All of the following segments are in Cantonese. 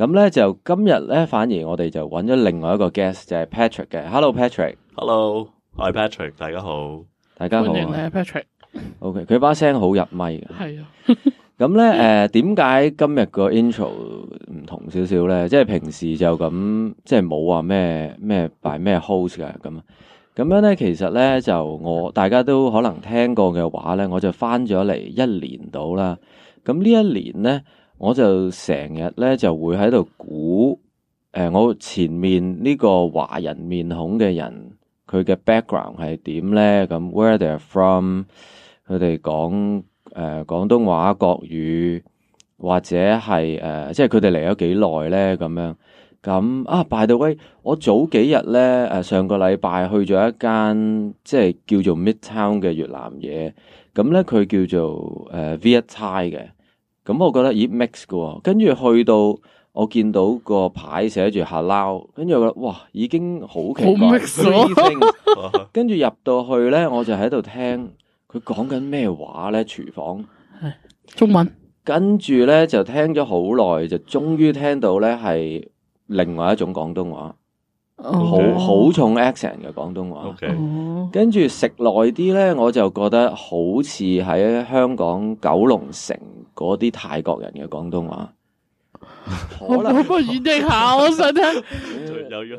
咁咧就今日咧，反而我哋就揾咗另外一個 guest，就係 Patrick 嘅。Hello，Patrick。Hello，Hi，Patrick。大家好，大家好。歡迎嚟，Patrick。O.K. 佢把聲好入咪嘅。係啊。 咁咧誒，點解今日個 intro 唔同少少咧？即係平時就咁，即係冇話咩咩扮咩 host 嘅咁。咁樣咧，其實咧就我大家都可能聽過嘅話咧，我就翻咗嚟一年到啦。咁呢一年咧。我就成日咧就會喺度估，誒我前面呢個華人面孔嘅人，佢嘅 background 係點咧？咁 where they are from？佢哋講誒廣東話、國語，或者係誒，即係佢哋嚟咗幾耐咧？咁樣咁啊！by the way，我早幾日咧誒上個禮拜去咗一間即係叫做 Midtown 嘅越南嘢，咁咧佢叫做誒 Viet Thai 嘅。咁、嗯、我覺得咦 mix 噶喎。跟住去到我見到個牌寫住下撈。跟住我覺得哇，已經好奇怪，跟住入到去呢，我就喺度聽佢講緊咩話呢？廚房中文，跟住呢，就聽咗好耐，就終於聽到呢係另外一種廣東話，好好 Okay. 重 accent 嘅廣東話。跟住食耐啲呢，我就覺得好似喺香港九龍城。嗰啲泰國人嘅廣東話，我我演繹下，我想聽。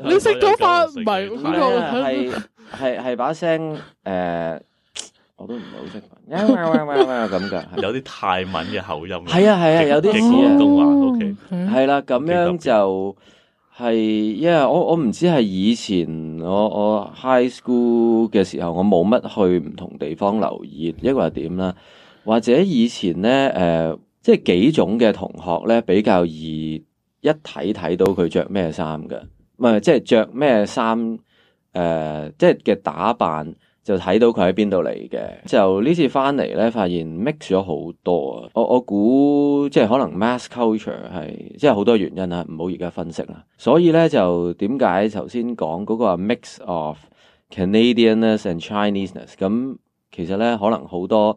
你食咗塊唔係咁個，係把聲誒，我都唔係好識講，咁噶，有啲泰文嘅口音。係啊係啊，有啲似廣東話。OK，係啦，咁樣就係因為我我唔知係以前我我 high school 嘅時候，我冇乜去唔同地方留意，一個係點啦。或者以前咧，誒、呃，即係幾種嘅同學咧，比較易一睇睇到佢着咩衫嘅，唔係即係着咩衫，誒，即係嘅、呃、打扮就睇到佢喺邊度嚟嘅。就，就次呢次翻嚟咧，發現 mix 咗好多啊，我我估即係可能 mass culture 係即係好多原因啊，唔好而家分析啦。所以咧就點解頭先講嗰個 mix of Canadianness and Chineseness？咁其實咧可能好多。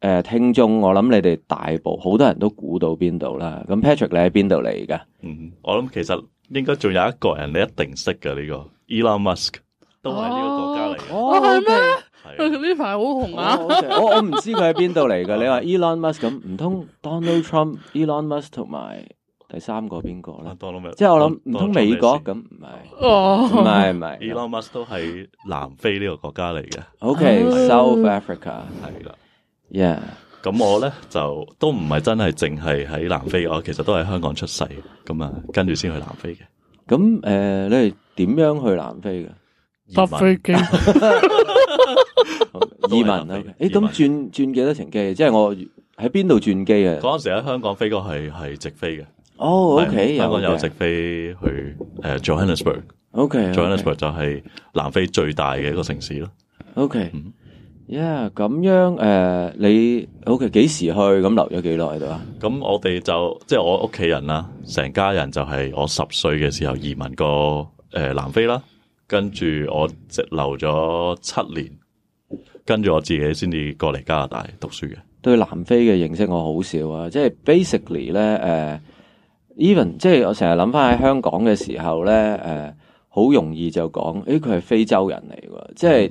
誒，聽眾，我諗你哋大部好多人都估到邊度啦。咁 Patrick 你喺邊度嚟噶？嗯，我諗其實應該仲有一個人你一定識嘅呢個 Elon Musk，都係呢個國家嚟嘅。哦係咩？係呢排好紅啊！我我唔知佢喺邊度嚟噶。你話 Elon Musk 咁唔通 Donald Trump、Elon Musk 同埋第三個邊個咧？即係我諗唔通美國咁唔係，哦，唔係唔係。Elon Musk 都係南非呢個國家嚟嘅。OK，South Africa 係啦。yeah，咁我咧就都唔係真係淨係喺南非，我其實都係香港出世嘅，咁啊跟住先去南非嘅。咁誒，你點樣去南非嘅？搭飛機，移民啊？誒，咁轉轉幾多程機？即係我喺邊度轉機啊？嗰陣時喺香港飛過去係直飛嘅。哦，OK，香港有直飛去誒 Johannesburg。OK，Johannesburg 就係南非最大嘅一個城市咯。OK。呀，咁、yeah, 樣誒、呃，你 OK？幾時去？咁留咗幾耐度啊？咁我哋就即係我屋企人啦，成家人就係我十歲嘅時候移民過誒、呃、南非啦，跟住我直留咗七年，跟住我自己先至過嚟加拿大讀書嘅。對南非嘅認識我好少啊，即係 basically 咧，誒、呃，even 即係我成日諗翻喺香港嘅時候咧，誒、呃，好容易就講誒佢係非洲人嚟嘅，即係。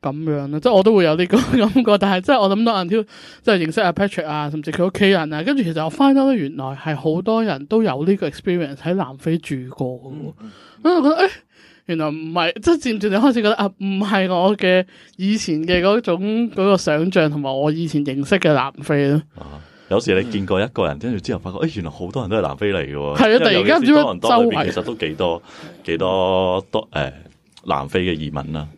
咁樣咯，即係我都會有呢個感 覺，但係即係我諗到阿 Tio 就係認識阿 Patrick 啊，甚至佢屋企人啊，跟住其實我 find 到原來係好多人都有呢個 experience 喺南非住過，咁、嗯、我覺得誒、哎，原來唔係，即係漸漸你開始覺得啊，唔係我嘅以前嘅嗰種嗰、嗰個想象，同埋我以前認識嘅南非咯、啊。有時你見過一個人，跟住之後發覺誒、哎，原來好多人都係南非嚟嘅。係啊，突然間唔知周圍其實都幾多幾多多誒、呃、南非嘅移民啦、啊。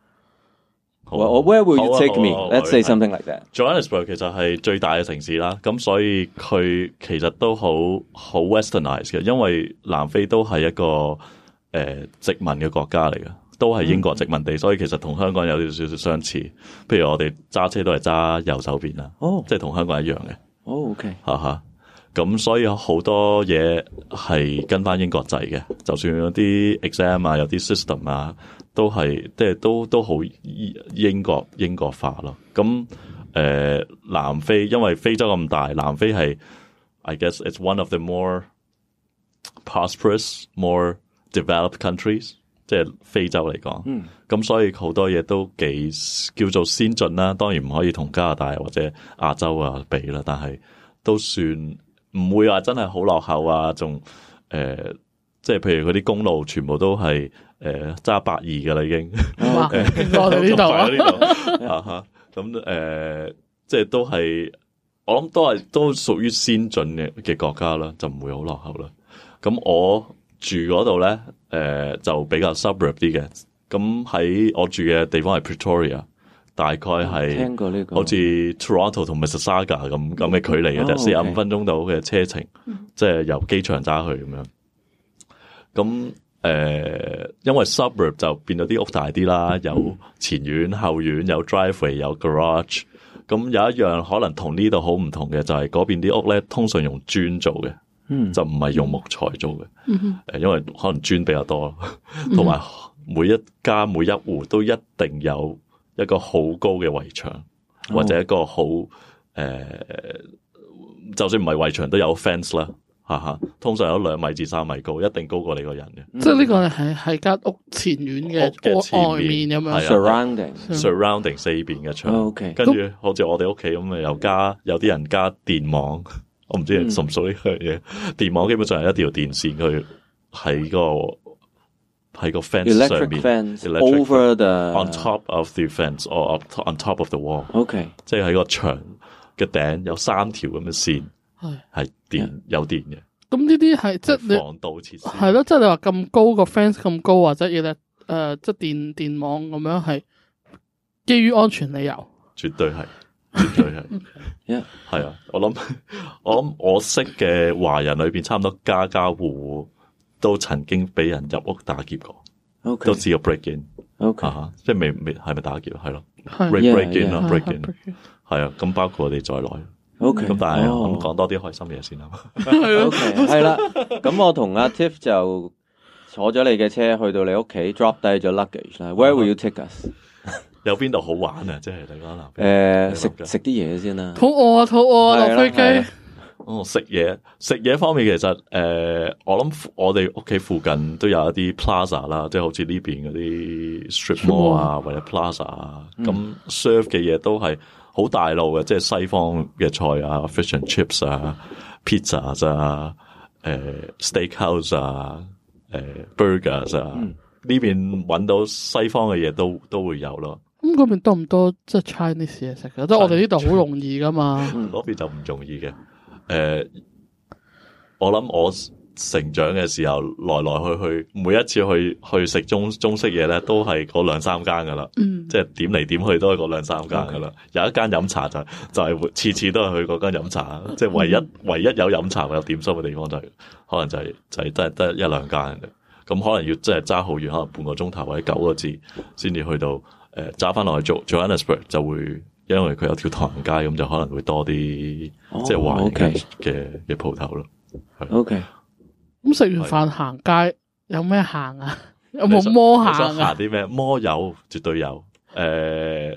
Well, where will you take me? Let's say something like that. Johannesburg 其實係最大嘅城市啦，咁所以佢其實都好好 Westernised 嘅，因為南非都係一個誒殖民嘅國家嚟嘅，都係英國殖民地，所以其實同香港有少少相似。譬如我哋揸車都係揸右手邊啦，哦，即係同香港一樣嘅。OK，嚇嚇。咁所以有好多嘢係跟翻英國制嘅，就算有啲 exam 啊，有啲 system 啊，都係即係都都好英國英國化咯。咁誒、呃、南非，因為非洲咁大，南非係 I guess it's one of the more prosperous, more developed countries，即係非洲嚟講。咁、嗯、所以好多嘢都幾叫做先進啦，當然唔可以同加拿大或者亞洲啊比啦，但係都算。唔會話真係好落後啊，仲誒、呃，即係譬如嗰啲公路全部都係誒揸百二嘅啦，已經哇，okay, 落到呢度啦，啊吓， 咁誒、 嗯呃，即係都係，我諗都係都屬於先進嘅嘅國家啦，就唔會好落後啦。咁我住嗰度咧，誒、呃、就比較 suburb 啲嘅，咁喺我住嘅地方係 Pretoria。大概係，這個、好似 Toronto 同埋 s a、嗯、Mississauga 咁咁嘅距離嘅，就四十五分鐘到嘅車程，嗯、即係由機場揸去咁樣。咁誒、呃，因為 suburb 就變咗啲屋大啲啦，有前院後院，有 driveway，有 garage。咁有一樣可能同呢度好唔同嘅，就係、是、嗰邊啲屋咧，通常用磚做嘅，嗯、就唔係用木材做嘅，嗯因為可能磚比較多，同埋每一家每一戶都一定有。一個好高嘅圍牆，或者一個好誒、呃，就算唔係圍牆都有 fence 啦，吓吓，通常有兩米至三米高，一定高過你個人嘅。即係呢個係係間屋前院嘅外面咁樣 surrounding，surrounding 四邊嘅牆。Ok。跟住好似我哋屋企咁啊，又加有啲人加電網， 我唔知屬唔屬呢樣嘢。嗯、電網基本上係一條電線，佢係、嗰個。喺個 fence 上面 Electric fence, Electric，over the on top of the fence or on on top of the wall。Okay 即係喺個牆嘅頂有三條咁嘅線，係係電有電嘅。咁呢啲係即係防盜竊，係咯？即係你話咁高，個 fence 咁高或者嘢咧？誒、呃，即係電電網咁樣係基於安全理由，絕對係絕對係。因為係啊，我諗我我識嘅華人裏邊，差唔多家家戶戶。都曾經俾人入屋打劫過，都只有 break in，嚇，即係未未係咪打劫？係咯，break break in 咯，break in，係啊，咁包括我哋在內。咁但係咁唔講多啲開心嘢先啦。係啦，咁我同阿 Tiff 就坐咗你嘅車去到你屋企 drop 低咗 luggage Where will you take us？有邊度好玩啊？即係大家南食食啲嘢先啦。好餓啊！好餓啊！落飛機。哦，食嘢食嘢方面，其實誒、呃，我諗我哋屋企附近都有一啲 plaza 啦，即係好似呢邊嗰啲 strip mall 啊，嗯、或者 plaza 啊，咁 serve 嘅嘢都係好大路嘅，即係西方嘅菜啊，fish and chips 啊，pizza 啊，誒，steakhouse 啊，誒、呃、burgers 啊，呢、呃啊嗯、邊揾到西方嘅嘢都都會有咯。咁嗰、嗯、邊多唔多即係 Chinese 嘢食嘅？即係、嗯、我哋呢度好容易噶嘛，嗰、嗯、 邊就唔容易嘅。誒， 嗯、我諗我成長嘅時候，來來去去，每一次去去食中中式嘢咧，都係嗰兩三間噶啦，嗯、即係點嚟點去都係嗰兩三間噶啦。嗯、okay, 有一間飲茶就就是、係次次都係去嗰間飲茶，嗯、即係唯一唯一有飲茶有點心嘅地方就係、是，可能就係、是、就係得得一兩間嘅。咁可能要真係揸好遠，可能半個鐘頭或者九個字先至去到。誒、uh,，揸翻落去做做 Johannesburg 就會。因為佢有條唐街，咁就可能會多啲，哦、即係玩嘅嘅嘅鋪頭咯。O K，咁食完飯行街有咩行啊？有冇摸行啊？啲咩摸友絕對有。誒、呃，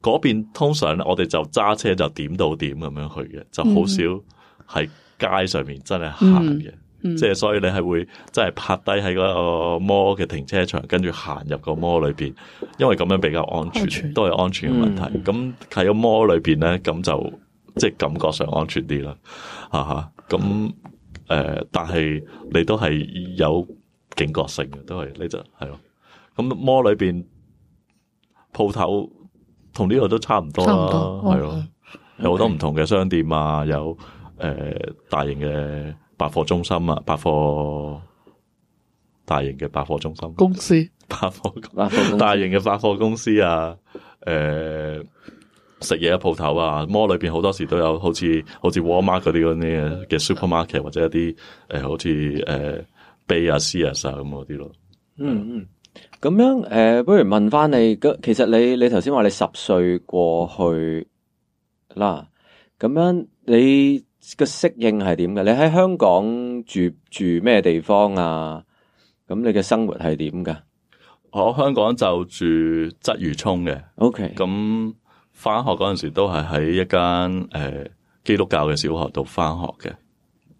嗰邊通常我哋就揸車就點到點咁樣去嘅，就好少喺街上面真係行嘅。嗯嗯即係所以你係會即係拍低喺個摩嘅停車場，跟住行入個摩裏邊，因為咁樣比較安全，都係安全嘅問題。咁喺、嗯、個摩裏邊咧，咁就即係感覺上安全啲啦。吓吓，咁誒、呃，但係你都係有警覺性嘅，都係呢只係咯。咁摩，就是啊，裏邊鋪頭同呢度都差唔多啦，係咯，有好多唔同嘅商店啊，有誒、呃、大型嘅百貨中心啊，百貨大型嘅百貨中心公司，百貨 大型嘅百貨公司啊，誒、呃，食嘢鋪頭啊，摩裏邊好多時都有好，好似好似 Walmart 嗰啲嗰啲嘅 supermarket 或者一啲誒、呃，好似誒，Bay 啊 C 啊咁嗰啲咯。嗯嗯，咁、嗯啊、樣誒、呃，不如問翻你，其實你你頭先話你十歲過去啦，咁樣你。個適應係點嘅？你喺香港住住咩地方啊？咁你嘅生活係點嘅？我香港就住鰂魚涌嘅，OK。咁翻學嗰陣時都係喺一間誒基督教嘅小學度翻學嘅，係、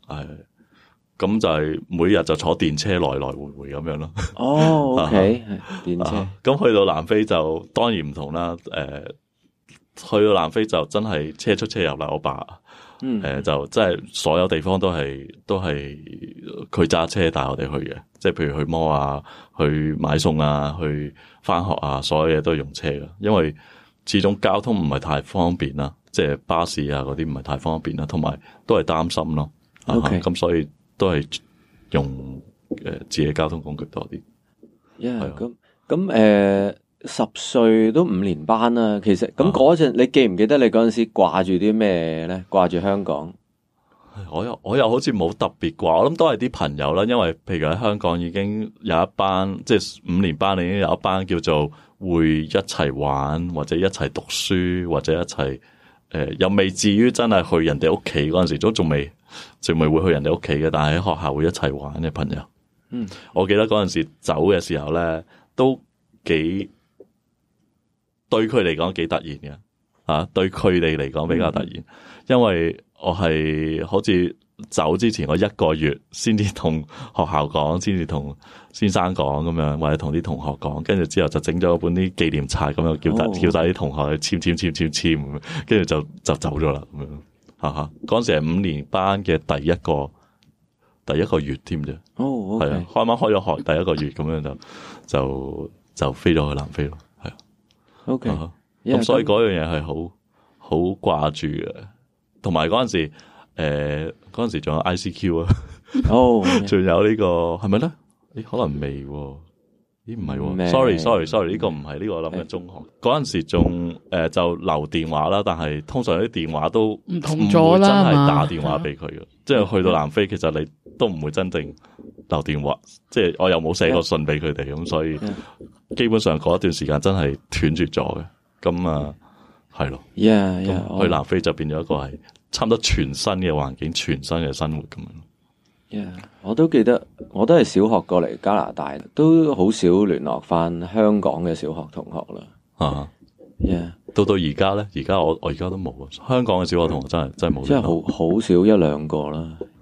呃。咁就係每日就坐電車來來回回咁樣咯。哦、oh,，OK，電車、 呃。咁去到南非就當然唔同啦。誒、呃，去到南非就真係車出車入啦，我爸。嗯，誒、mm hmm. 呃，就即係所有地方都係都係佢揸車帶我哋去嘅，即係譬如去摩啊，去買餸啊，去返學啊，所有嘢都係用車嘅，因為始終交通唔係太方便啦，即係巴士啊嗰啲唔係太方便啦，同埋都係擔心咯，咁 Okay.、啊嗯、所以都係用誒、呃、自己交通工具多啲，因為咁咁誒。十歲都五年班啦，其實咁嗰陣你記唔記得你嗰陣時掛住啲咩呢？掛住香港？我又我又好似冇特別掛，我諗都係啲朋友啦。因為譬如喺香港已經有一班，即係五年班，你已經有一班叫做會一齊玩或者一齊讀書或者一齊誒、呃，又未至於真係去人哋屋企嗰陣時都仲未仲未會去人哋屋企嘅，但係喺學校會一齊玩嘅朋友。嗯，我記得嗰陣時走嘅時候呢，都幾。對佢嚟講幾突然嘅。啊，對佢哋嚟講比較突然，因為我係好似走之前我一個月先至同學校講，先至同先生講咁樣，或者同啲同學講，跟住之後就整咗本啲紀念冊咁樣，叫晒叫晒啲同學去簽簽簽簽簽，跟住就就走咗啦，咁樣。啊哈，哈，嗰時係五年班嘅第一個第一個月添啫，係、oh, okay. 啊，開班開咗學第一個月咁樣就就就飛咗去南非咯。O K，咁所以嗰樣嘢係好好掛住嘅，同埋嗰陣時，誒，嗰陣時仲有 I C Q 啊，哦，仲有呢個係咪咧？咦，可能未？咦，唔係？Sorry，Sorry，Sorry，呢個唔係呢個諗嘅中學。嗰陣時仲誒，就留電話啦，但係通常啲電話都唔同咗啦嘛，真係打電話俾佢嘅，即係去到南非，其實你都唔會真正留電話，即係我又冇寫過信俾佢哋，咁所以。基本上嗰一段時間真係斷絕咗嘅，咁啊係咯，yeah, yeah, 去南非就變咗一個係差唔多全新嘅環境、全新嘅生活咁樣。Yeah, 我都記得，我都係小學過嚟加拿大，都好少聯絡翻香港嘅小學同學啦。啊、uh-huh. Yeah. 到到而家呢，而家我我而家都冇啊，香港嘅小學同學真係 Yeah, 真係的冇，即係好好少一兩個啦。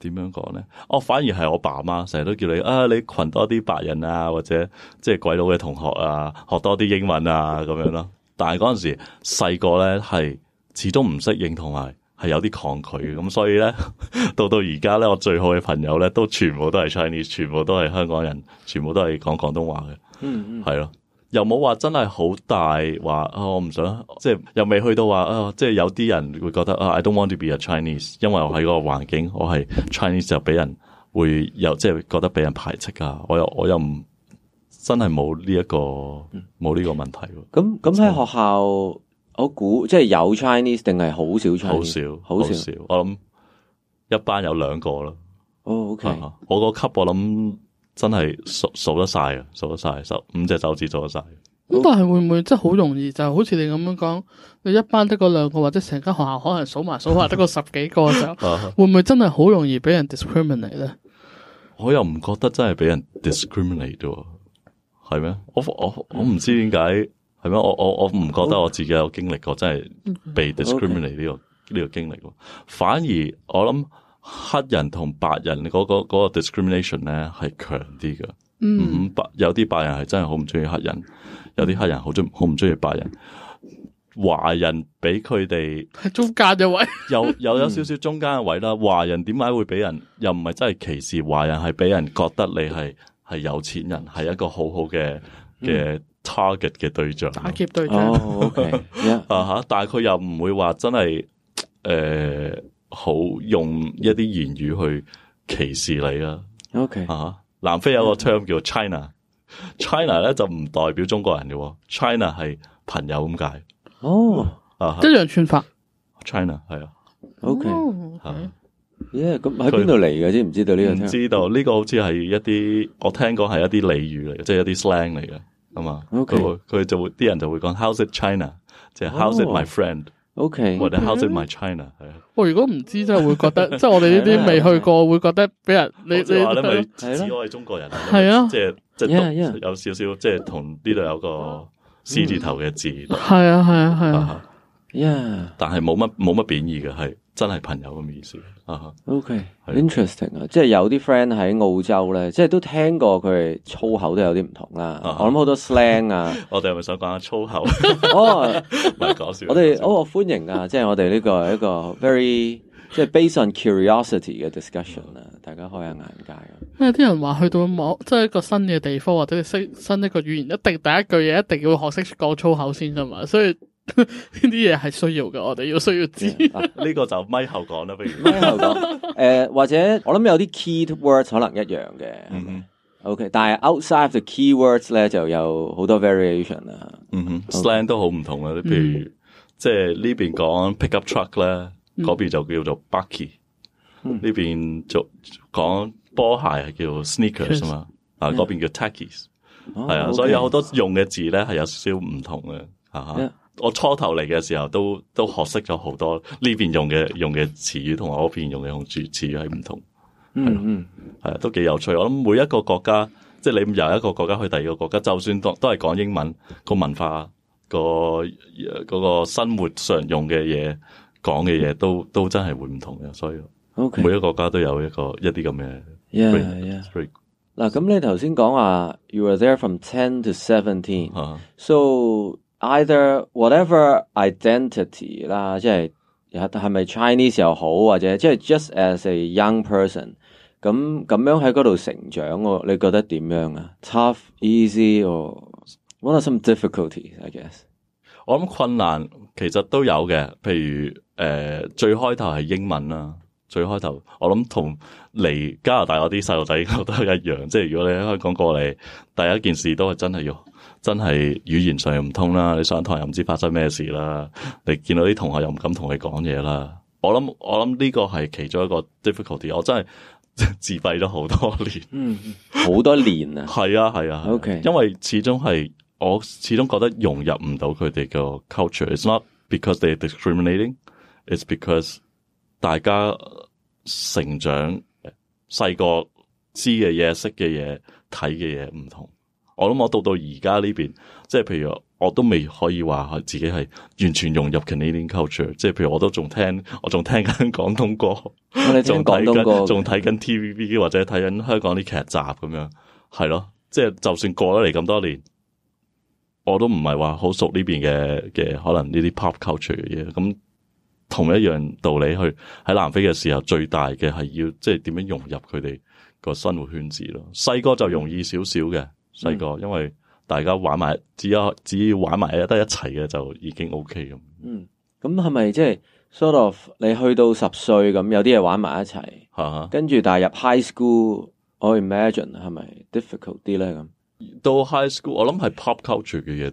點樣講咧？我、哦、反而係我爸媽成日都叫你啊，你群多啲白人啊，或者即係鬼佬嘅同學啊，學多啲英文啊咁樣咯。但係嗰陣時細個咧係始終唔適應同埋係有啲抗拒嘅，咁所以咧到到而家咧，我最好嘅朋友咧都全部都係 Chinese，全部都係香港人，全部都係講廣東話嘅，係、嗯嗯、咯。又冇話真係好大話啊！我唔想即係又未去到話啊！即係有啲人會覺得啊，I don't want to be a Chinese，因為我喺個環境，我係 Chinese 就俾人會有即係覺得俾人排斥啊！我又我又唔真係冇呢一個冇呢、嗯、個問題。咁咁喺學校，以我估即係有 Chinese 定係好少 Chinese 好少好少。少少我諗一班有兩個咯。哦，OK，我個級我諗。真係數數得晒嘅，數得晒，十五隻手指數得晒。咁但係會唔會真係好容易？就好似你咁樣講，你一班得嗰兩個，或者成間學校可能數埋數下得個十幾個嘅時候， 會唔會真係好容易俾人 discriminate 咧？我又唔覺得真係俾人 discriminate 啫，係咩？我我我唔知點解，係咩？我我我唔覺得我自己有經歷過真係被 discriminate 呢個呢 Okay. 個經歷，反而我諗。黑人同白人嗰、嗰個、嗰個 discrimination 咧係強啲嘅。嗯，白有啲白人係真係好唔中意黑人有啲黑人好中好唔中意白人華人俾佢哋係中間嘅位，又有有少少中間嘅位啦。華人點解會俾人又唔係真係歧視華人，係俾人覺得你係係有錢人，係一個好好嘅嘅 target 嘅對象，嗯、打劫對象？對象、哦，啊、okay，吓、yeah. 但係佢又唔會話真係誒。好用一啲言語去歧視你啦。OK，啊，南非有個 term 叫 China，China 咧就唔代表中國人嘅，China 係朋友咁解。哦，一樣串法。China 係 Okay. 啊。OK，yeah，吓他，咦，咁喺邊度嚟嘅？知唔知道呢樣？知道呢個好似係一啲，我聽講係一啲俚語嚟嘅，即係一啲 slang 嚟嘅，咁嘛。OK，佢就會啲人就會講 How’s it China？即係 How’s it my friend？O.K. 我哋敲中 my China 係啊！我如果唔知，真係會覺得，即係我哋呢啲未去過，會覺得俾人你你係咯，我係中國人係啊，即係即係有少少即係同呢度有個 C 字頭嘅字係啊係啊係啊，Yeah！但係冇乜冇乜貶義嘅係。真係朋友咁嘅意思啊？OK，interesting 啊！即係有啲 friend 喺澳洲咧，即係都聽過佢粗口都有啲唔同啦。我諗好多 slang 啊！我哋係咪想講粗口？哦，唔係講笑。我哋我歡迎啊！即係我哋呢個係一個 very 即係 based on curiosity 嘅 discussion 啊！大家開下眼界。啊。有啲人話去到某，即係一個新嘅地方，或者識新一個語言，一定第一句嘢，一定要學識講粗口先噶嘛，所以。呢啲嘢係需要嘅，我哋要需要知。呢個就咪後講啦，不如咪後講。誒，或者我諗有啲 keywords 可能一樣嘅。OK，但係 outside the keywords 咧就有好多 variation 啦。哼，slang 都好唔同啊。你譬如即係呢邊講 pickup truck 咧，嗰邊就叫做 bucky。呢邊就講波鞋係叫 sneakers 啊嘛，啊，嗰邊叫 tackies。係啊，所以有好多用嘅字咧係有少少唔同嘅。啊哈。我初頭嚟嘅時候都都學識咗好多呢邊用嘅用嘅詞語，邊用用詞語同我邊用嘅用詞語係唔同，嗯嗯，係啊的、嗯，都幾有趣。我諗每一個國家，即係你由一個國家去第二個國家，就算都都係講英文，個文化個個，個生活常用嘅嘢講嘅嘢，都都真係會唔同嘅。所以，每一個國家都有一個一啲咁嘅。Yeah，嗱，咁你頭先講話，you were there from ten to seventeen，so Either whatever identity 啦，即係係咪 Chinese 又好，或者即係 just as a young person，咁咁樣喺嗰度成長，我你覺得點樣啊？Tough, easy，or some difficulties, I guess。我諗困難其實都有嘅，譬如誒、呃、最開頭係英文啦，最開頭我諗同嚟加拿大嗰啲細路仔我都一樣，即係如果你喺香港過嚟，第一件事都係真係要。真係語言上唔通啦，你上堂又唔知發生咩事啦，你見到啲同學又唔敢同佢講嘢啦。我諗我諗呢個係其中一個 difficulty，我真係自閉咗好多年，嗯，好多年 啊，係啊係啊，OK，因為始終係我始終覺得融入唔到佢哋個 culture。It's not because they're discriminating, it's because 大家成長細個知嘅嘢、識嘅嘢、睇嘅嘢唔同。我諗我到到而家呢邊，即係譬如我都未可以話自己係完全融入 Canadian culture，即係譬如我都仲聽，我仲聽緊廣東歌，我哋仲睇緊 TVB 或者睇緊香港啲劇集咁樣，係咯，即係就算過咗嚟咁多年，我都唔係話好熟呢邊嘅嘅可能呢啲 pop culture 嘅嘢。咁同一樣道理，去喺南非嘅時候，最大嘅係要即係點樣融入佢哋個生活圈子咯。細個就容易少少嘅。細個，嗯、因為大家玩埋，只要只要玩埋得一齊嘅就已經 OK 咁。嗯，咁係咪即係 sort of？你去到十歲咁，有啲嘢玩埋一齊，吓哈，跟住但係入 high school，我 imagine 係咪 difficult 啲咧咁？到 high school，我諗係 pop culture 嘅嘢。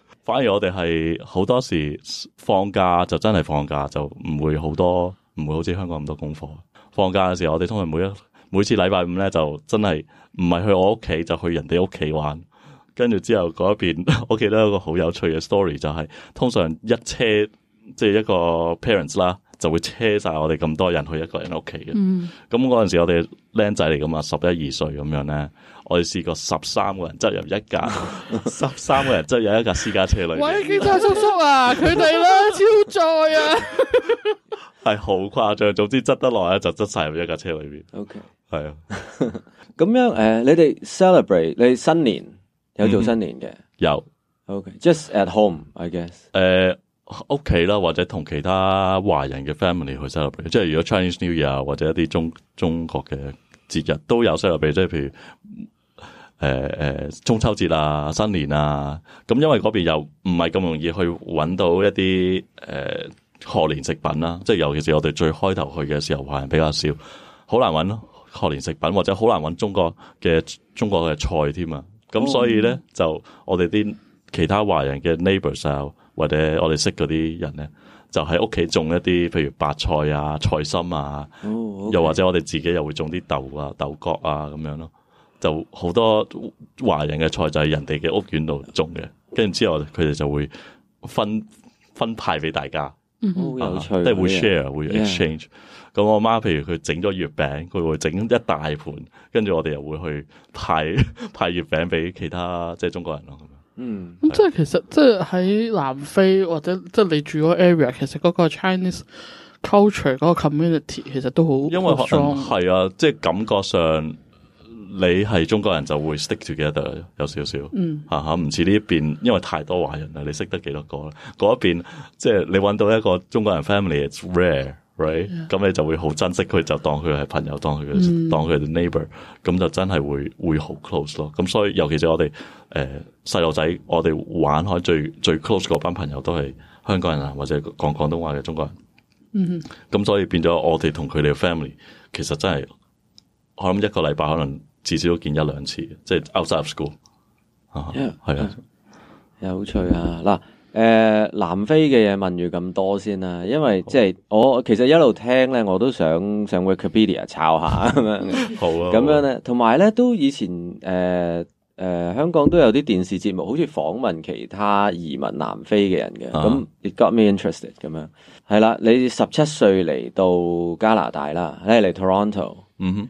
反而我哋係好多時放假就真係放假，就唔會好多，唔會好似香港咁多功課。放假嘅時候，我哋通常每一每次禮拜五咧，就真係唔係去我屋企，就去人哋屋企玩。跟住之後嗰一邊，我記得一個好有趣嘅 story，就係、是、通常一車即係一個 parents 啦，就會車晒我哋咁多人去一個人屋企嘅。咁嗰陣時我哋僆仔嚟噶嘛，十一二歲咁樣咧。我哋試過十三個人擠入一架，十三 個人擠入一架私家車裏邊。喂，警察叔叔啊，佢哋啦超載啊，係好誇張。總之擠得耐咧就擠晒入一架車裏邊。OK，係啊，咁 樣誒、呃，你哋 celebrate 你新年有做新年嘅？嗯？有。OK，just、okay, at home，I guess、呃。誒，屋企啦，或者同其他華人嘅 family 去 celebrate，即係如果 Chinese New Year 或者一啲中中國嘅節日都有 celebrate，即係譬如。誒誒，呃，中秋節啊，新年啊，咁因為嗰邊又唔係咁容易去揾到一啲誒賀年食品啦，啊，即係尤其是我哋最開頭去嘅時候，華人比較少，好難揾咯賀年食品，或者好難揾中國嘅中國嘅菜添啊。咁所以咧，oh, okay. 就我哋啲其他華人嘅 neighbors 啊，或者我哋識嗰啲人咧，就喺屋企種一啲，譬如白菜啊、菜心啊，oh, okay. 又或者我哋自己又會種啲豆啊、豆角啊咁樣咯，啊。就好多華人嘅菜就係人哋嘅屋苑度種嘅，跟住之後佢哋就會分分派俾大家，啊，有趣，即係會 share 們會 exchange。咁 yeah. 我媽譬如佢整咗月餅，佢會整一大盤，跟住我哋又會去派 派月餅俾其他即係中國人咯。嗯、mm，咁、hmm. 是即係其實即係喺南非或者即係你住嗰個 area，其實嗰個 Chinese culture 嗰個 community 其實都好，因為可能係的啊，即係感覺上。你係中國人就會 stick together 有少少嚇嚇，唔似呢一邊，因為太多華人啦，你識得幾多個？嗰一邊即係你揾到一個中國人 family，it's rare，right？咁 Yeah. 你就會好珍惜佢，就當佢係朋友，當佢當佢係 neighbor，咁、mm. 就真係會會好 close 咯。咁所以尤其是我哋誒、呃、細路仔，我哋玩開最最 close 嗰班朋友都係香港人啊，或者講廣東話嘅中國人。嗯哼。咁所以變咗我哋同佢哋嘅 family 其實真係，我諗一個禮拜可能。至少都見一兩次，即係 outside school 啊，啊 Yeah, 的，有趣啊！嗱，誒、呃、南非嘅嘢問住咁多先啦，因為好即係我其實一路聽咧，我都想上 Wikipedia 抄下咁樣。 好啊，咁樣咧，同埋咧都以前誒誒、呃呃、香港都有啲電視節目，好似訪問其他移民南非嘅人嘅，咁、啊、it got me interested 咁樣。係啦，你十七歲嚟到加拿大啦，你嚟 Toronto，嗯哼、mm。Hmm.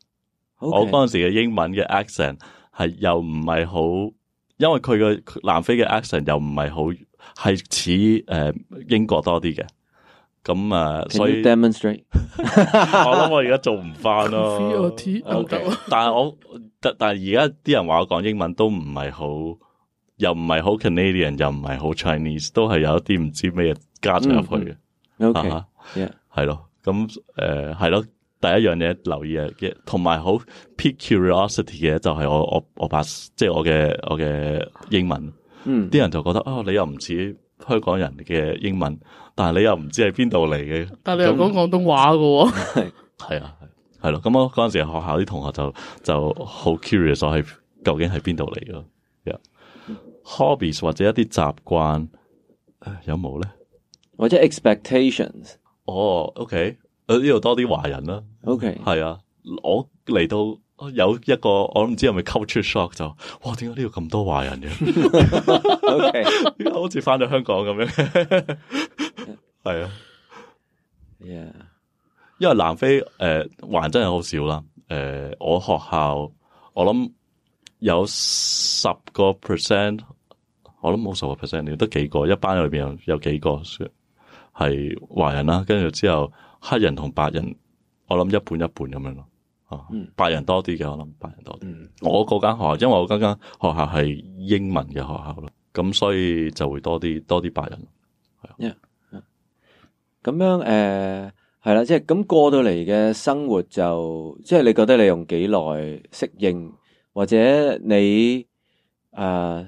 Okay. 我嗰陣時嘅英文嘅 accent 係又唔係好，因為佢嘅南非嘅 accent 又唔係好，係似誒英國多啲嘅。咁、嗯、啊，所以，Can you demonstrate 我諗我而家做唔翻咯。但係我但但係而家啲人話我講英文都唔係好，又唔係好 Canadian，又唔係好 Chinese，都係有一啲唔知咩嘢加咗入去嘅。O K，係咯，咁、嗯、誒，係、嗯、咯。嗯嗯第一樣嘢留意嘅，同埋好 peak curiosity 嘅就係我我我把即係我嘅我嘅英文，嗯，啲人就覺得啊、哦，你又唔似香港人嘅英文，但係你又唔知係邊度嚟嘅。但係你又講廣東話嘅、哦，係 啊係係咯。咁我嗰陣時學校啲同學就就好 curious，我係究竟係邊度嚟咯。啊、hobbies 或者一啲習慣，有冇咧？或者 expectations？哦、oh, OK。誒，呢度多啲華人啦。OK，係啊，我嚟到有一個，我唔知係咪 culture shock 就，哇，點解呢度咁多華人嘅 ？OK，點解好似翻咗香港咁樣？係 啊，Yeah. 因為南非誒，華人、呃、真係好少啦。誒、呃，我學校我諗有十個 percent，我諗冇十個 percent，你得幾個？一班裏邊有有幾個係華人啦，跟住之後。黑人同白人，我諗一半一半咁樣咯，啊，白人多啲嘅，我諗白人多啲。我嗰間學校，因為我間間學校係英文嘅學校咯，咁所以就會多啲多啲白人。係啊，咁樣誒，係啦，即係咁過到嚟嘅生活就，即係你覺得你用幾耐適應，或者你誒。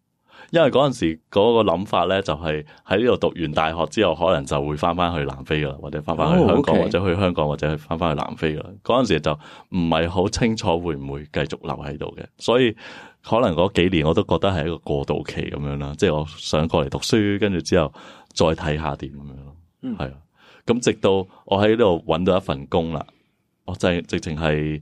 因為嗰陣時嗰個諗法咧，就係喺呢度讀完大學之後，可能就會翻翻去南非噶啦，或者翻翻去香港，oh, okay. 或者去香港，或者翻翻去南非噶啦。嗰陣時就唔係好清楚會唔會繼續留喺度嘅，所以可能嗰幾年我都覺得係一個過渡期咁樣啦。即係我想過嚟讀書，跟住之後再睇下點咁樣咯。係啊，咁直到我喺呢度搵到一份工啦，我就係直情係。正正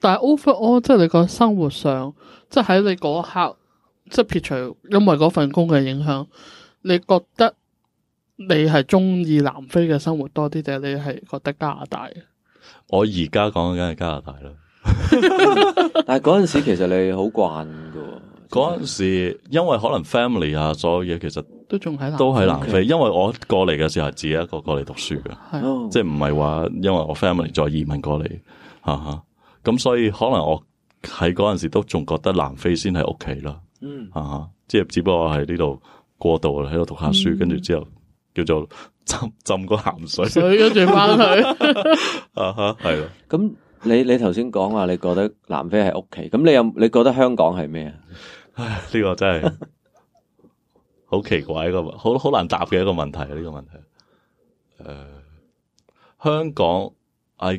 但係 overall，即係你個生活上，即係喺你嗰刻，即係撇除因為嗰份工嘅影響，你覺得你係中意南非嘅生活多啲定係你係覺得加拿大？我而家講緊梗係加拿大啦。 但係嗰陣時其實你好慣噶，嗰陣 時因為可能 family 啊，所有嘢其實都仲喺都喺南非。南非 okay. 因為我過嚟嘅時候係自己一個過嚟讀書嘅，係咯，即係唔係話因為我 family 再移民過嚟啊哈，哈。咁、嗯、所以可能我喺嗰陣時都仲覺得南非先係屋企啦，嗯、啊，即係只不過係呢度過渡啦，喺度讀下書，跟住之後叫做浸浸個鹹水，跟住翻去， 啊哈，係咯。咁你你頭先講話你覺得南非係屋企，咁你又你覺得香港係咩啊？呢、 呢個真係好奇怪一個好難答嘅一個問題，呢、呢個問題，誒、呃，香港，I。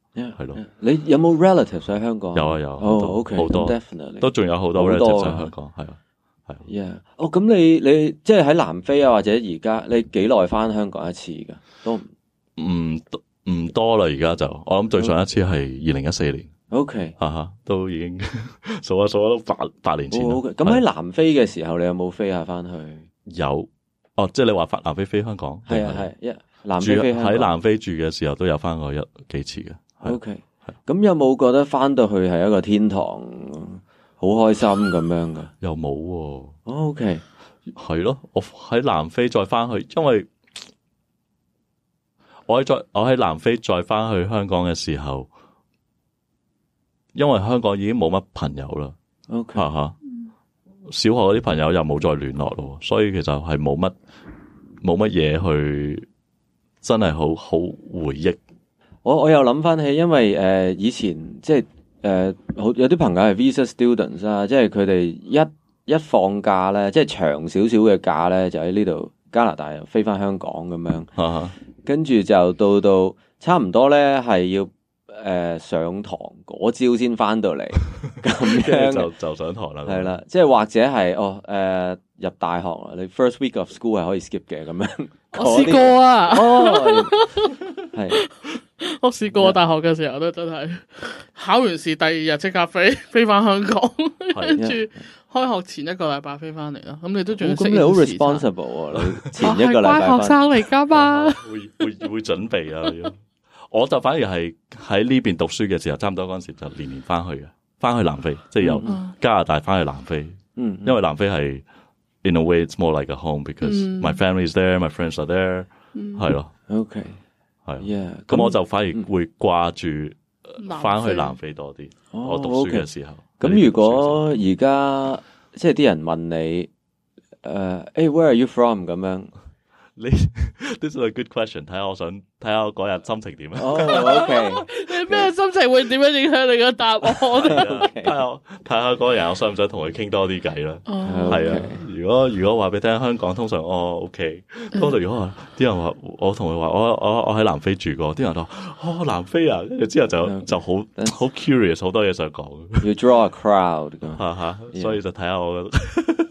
係咯，你有冇 relatives 喺香港？有啊有，哦，OK，好多，definitely，都仲有好多 relatives 喺香港，係啊，係。Yeah，哦，咁你你即係喺南非啊，或者而家你幾耐翻香港一次噶？都唔唔多啦，而家就我諗對上一次係二零一四年。OK，啊哈，都已經數下數下都八八年前啦。咁喺南非嘅時候，你有冇飛下翻去？有，哦，即係你話南非飛香港？係啊係，住喺南非住嘅時候都有翻過一幾次嘅。O K，咁有冇覺得翻到去係一個天堂，好開心咁樣噶？又冇喎、啊。OK，係咯，我喺南非再翻去，因為我喺再我喺南非再翻去香港嘅時候，因為香港已經冇乜朋友啦。OK，吓小學嗰啲朋友又冇再聯絡咯，所以其實係冇乜冇乜嘢去真係好好回憶。我我又諗翻起，因為誒、呃、以前即係誒好有啲朋友係 visa students 啊，即係佢哋一一放假咧，即係長少少嘅假咧，就喺呢度加拿大又飛翻香港咁樣，跟住就到到差唔多咧係要誒、呃、上堂嗰朝先翻到嚟，咁樣 就就，就上堂啦，係啦的，即係或者係哦誒、呃、入大學啊，你 first week of school 係可以 skip 嘅咁樣，我試過啊，係、哦。 我試過大學嘅時候都真係考完試第二日即刻飛，飛翻香港，跟住開學前一個禮拜飛翻嚟啦。咁你都仲咁你好 responsible 前一個禮拜學生嚟㗎嘛？會會會準備啊！我就反而係喺呢邊讀書嘅時候，差唔多嗰陣時就年年翻去嘅，翻去南非，即係由加拿大翻去南非。嗯，因為南非係 in a way it's more like a home because my family is there, my friends are there，係咯。Okay 係，咁 Yeah, 我就反而會掛住翻去南非多啲。哦、我讀書嘅時候，咁、哦 okay、如果而家即係啲人問你，誒、呃，誒、hey,，Where are you from？咁樣。This is a good question，睇下我想，睇下我嗰日心情點樣？哦，O K。你咩 心情會點樣影響你嘅答案？睇下， 睇下嗰日我想唔想同佢傾多啲偈啦？係啊，如果如果話俾你聽，香港通常哦，O K。通、okay. 常如果啲人話，我同佢話，我我我喺南非住過，啲人都，哦，南非啊，後之後就就好好 curious，好多嘢想講。You draw a crowd，吓吓， 所以就睇下我。Yeah.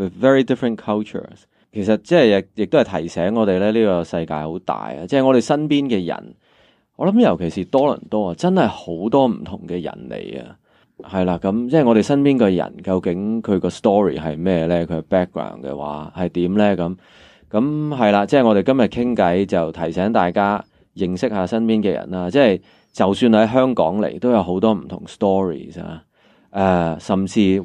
With very different cultures，其實即係亦都係提醒我哋咧，呢個世界好大啊！即係我哋身邊嘅人，我諗尤其是多倫多啊，真係好多唔同嘅人嚟啊！係啦，咁即係我哋身邊嘅人，究竟佢個 story 係咩呢？佢 background 嘅話係點呢？咁咁係啦，即係我哋今日傾偈就提醒大家認識下身邊嘅人啦。即係就算喺香港嚟，都有好多唔同 stories 啊！誒，甚至。